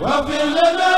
wa fil lana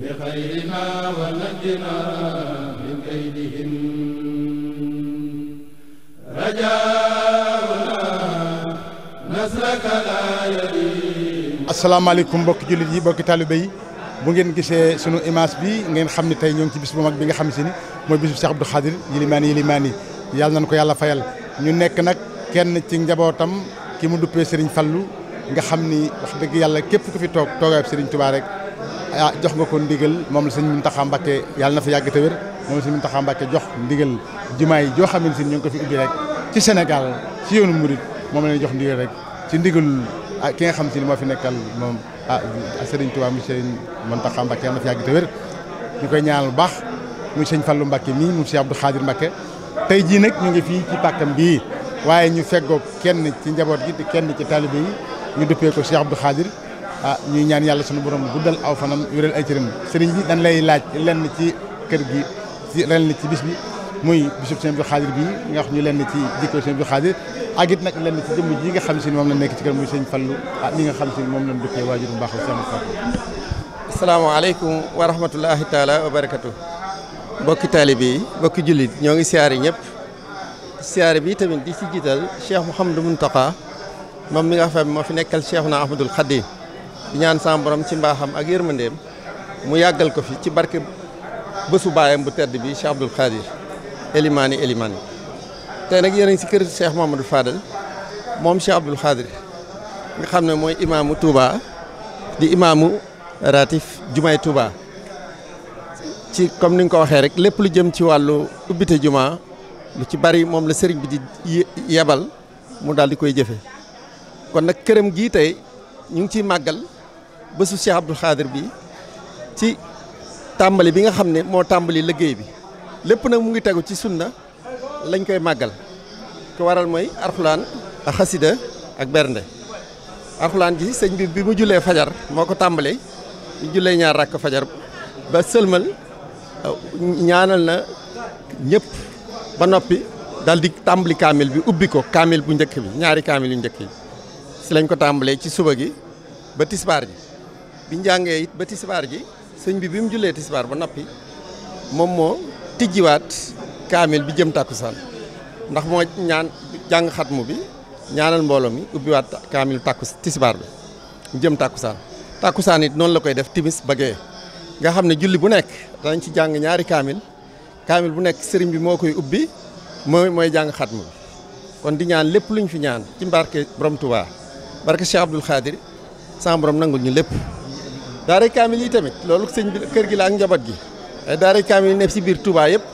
بخير ما ونجنا من كيدهم رجاؤنا نصرك لا يليم asalaamaaleykum mbokki jullit yi mbokki taalibe yi bu ngeen gisee sunu image bi ngeen xam ni tey ñoo ngi ci bis bu mag bi nga xam si ni mooy bis bu Cheikh Abdou Khadir yilimaan yilimaan yi ko yàlla fayal ñu nekk nag kenn ci njabootam kii mu duppee Serigne Fallou nga xam ni wax dëgg yàlla képp ku fi toog toogaayub Serigne Touba rek. ah jox nga ko ndigal moom la sëñ Muntaxa Mbàkke yàlla na fa yàgg te wér moom la sëñ Muntaxa Mbàkke jox ndigal jumaa joo xam ne ñoo ngi ko fi ubbi rek ci Sénégal ci yoonu murit moom la jox ndigal rek ci ndigal ah, ki nga xam si ne moo fi nekkal moom ah, ah Serigne Touba mu Serigne Muntaxa Mbàkke yàlla na fi yàgg te ñu koy ñaanal bu baax mu sëñ Fallu Mbàkke mii mu Cheikh Abdou Khadir Mbàkke tey jii nag ñu ngi fii ci pàkkam bii waaye ñu feggoo kenn ci njaboot gi kenn ci taalibe yi ñu dëppee ko Cheikh Abdou Khadir ah ñuy ñaan yàlla sunu borom guddal aw fanam wéral ay cëram sëriñ bi dañ lay laaj lenn ci kër gi ci lenn ci bis bi muy bisub sëñ bi xaadir bi nga wax ñu lenn ci jikko bi xaadir ak nag lenn ci jëmm ji nga xam si ni moom la nekk ci kër muy sëñ Fallu ah ñi nga xam si ni moom la dukkee waajur mbaax sëñ Fallu asalaamaaleykum wa rahmatullahi taala wa barakatu mbokki taalibe yi jullit ñoo ngi siyaare ñëpp siyaare bi tamit di ci jiital Cheikh Mouhamadou Mountakha moom mi nga xam moo fi nekkal Cheikh na Ahmadoul Khadim di ñaan sama borom ci mbaaxam ak yërmandeem mu yàggal ko fi ci barke bësu baayam bu tedd bi Cheikh Abdoul Khadir Elimani yi te nag yéen a ngi si kër Cheikh Mamadou Fadal moom Cheikh Abdoul Khadir nga xam ne mooy imaamu Touba di imaamu ratif Jumaay Touba ci comme ni nga ko waxee rek lépp lu jëm ci wàllu ubbite juma lu ci bari moom la sëriñ bi di yebal mu daal di koy jëfe kon nag këram gii tey ñu ngi ciy màggal bésu Cheikh Abdoul Khadir bi ci tàmbali bi nga xam ne moo tàmbali liggéey bi lépp nag mu ngi tegu ci sunna lañ koy màggal ko waral mooy arxulaan ak xasida ak bernde arxulaan ji sëñ bi bi mu jullee fajar moo ko tàmbali ñu jullee ñaar rakk fajar ba sëlmal ñaanal na ñëpp ba noppi dal di tàmbali kaamil bi ubbi ko kaamil bu njëkk bi ñaari kaamil yu njëkk yi si lañ ko tàmbalee ci suba gi ba tisbaar ji biñ jàngee it ba tisbaar ji sëñ bi bi mu jullee tisbaar ba noppi moom moo tijjiwaat kaamil bi jëm tàkkusaan ndax moo ñaan jàng xatmu bi ñaanal mbooloo mi ubbiwaat kaamil tàkku tisbaar bi jëm tàkkusaan tàkkusaan it noonu la koy def timis ba gee nga xam ne julli bu nekk danañ ci jàng ñaari kaamil kaamil bu nekk sëriñ bi moo koy ubbi mooy mooy jàng xatmu bi kon di ñaan lépp luñ fi ñaan ci mbarke borom tubaa barke Cheikh Abdoul Khadir sa borom ñu lépp daaray kaamil yi tamit loolu sëñ bi kër gi la ak njaboot gi daaray kaamil yi nekk si biir tubaa yëpp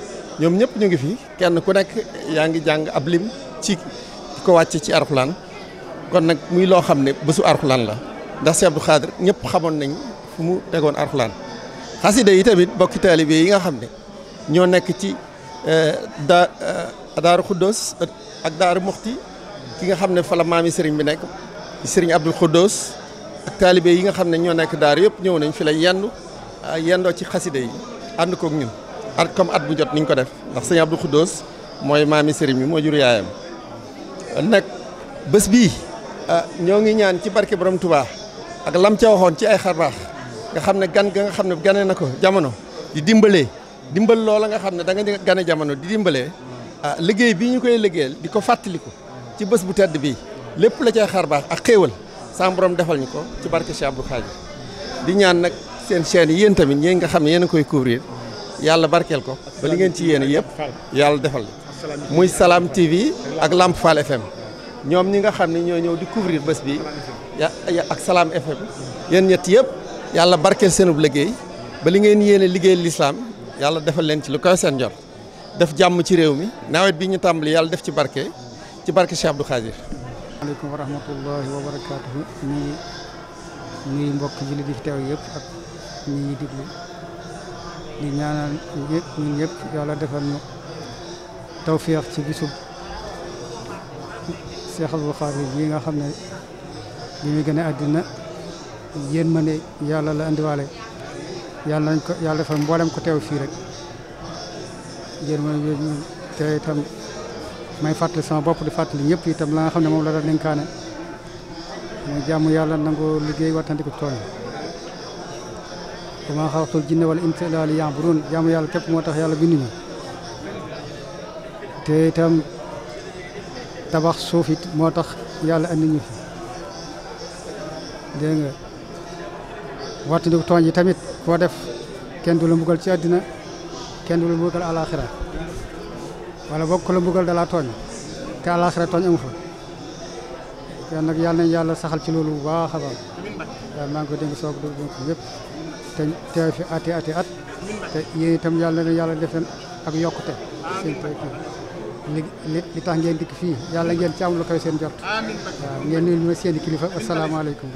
ñoom ñëpp ñu ngi fi kenn ku nekk yaa ngi jàng ab lim ci ko wàcce ci arxulaan kon nag muy loo xam ne bësu arxulaan la ndax Cheikh Abdou Khadre ñëpp xamoon nañ fu mu tegoon arxulaan xasida yi tamit bokki taalibe yi nga xam ne ñoo nekk ci eh, da eh, daaru Xuddoos ak daaru Muxti ki nga xam ne fa la maami sëriñ bi nekk sëriñ Abdul Xuddoos taalibe yi nga xam ne ñoo nekk daar yëpp ñëw nañ fi lañ yendu ah, yendoo ci xaside yi ànd kook ñun at comme at bu jot niñ ko def ndax sëñ Abdou Khoudous mooy maami sëriñ bi moo jur yaayam nag bés bii ah, ñoo ngi ñaan ci barke borom Touba ak lam ca waxoon ci ay xarbaax nga xam ne gan ga nga xam ne gane na ko jamono di dimbalee dimbal loola nga xam ne da gane jamono di dimbalee ah, liggéey bii ñu koy liggéeyal di ko fàttaliku ci bés bu tedd bii lépp la cay xarbaax ak xéewal sama borom defal ñu ko ci barke Cheikh Abdou Khadir di ñaan nag seen chaîne yéen tamit ñi nga xam ne yéen a koy couvrir yàlla barkeel ko ba li ngeen ci yéen yëpp yàlla defal muy salaam TV ak làmp Fall FM ñoom ñi nga xam ne ñoo ñëw di couvrir bés bi ak salaam FM yéen ñett yëpp yàlla barkeel seenub liggéey ba li ngeen yéene liggéey lislaam yàlla defal leen ci lu kaw seen jot def jàmm ci réew mi nawet bi ñu tàmbali yàlla def ci barke ci barke Cheikh Abdou Khadir aleykum wa rahmatullahi wa barakaatuhu ñu mbokk ji li yépp ak ñi ñuy diglu di ñaanal ñëpp ñun ñëpp yàlla defal ñu tawfiix ci bisub Seex Abdul Xaadir yi nga xam ne bi muy gën a àddina yéen ma ne yàlla la indiwaale yàlla nañ ko yàlla defal mboolem ko teew fii rek yéen ma ne may fàttali sama bopp di fàttali ñëpp itam la nga xam ne moom la doon dénkaane mooy jàmm yàlla nango liggéey wattandiku tooñ wa maa xalaqtul jinna wal insa illaa liya'buduun jaamu yàlla képp moo tax yàlla binduñu te itam tabax suuf it moo tax yàlla andi ñu fi dégg nga wattandiku tooñ yi tamit koo def kenn du la mbugal ci àddina kenn du la mbugal àlaaxira wala boog ku la mbugal dalaa tooñ te àllaaxira tooñ amu fa kon nag yàlla nañ yàlla saxal ci loolu bu baax a maa ngi ko dénk soog dugg donc ñëpp te teew fi ati ati at te yéen itam yàlla na yàlla def ak yokkute seen li li tax ngeen dikk fii yàlla ngeen ci am lu koy seen jot waaw ngeen nuyu ma seen i kilifa asalaamaaleykum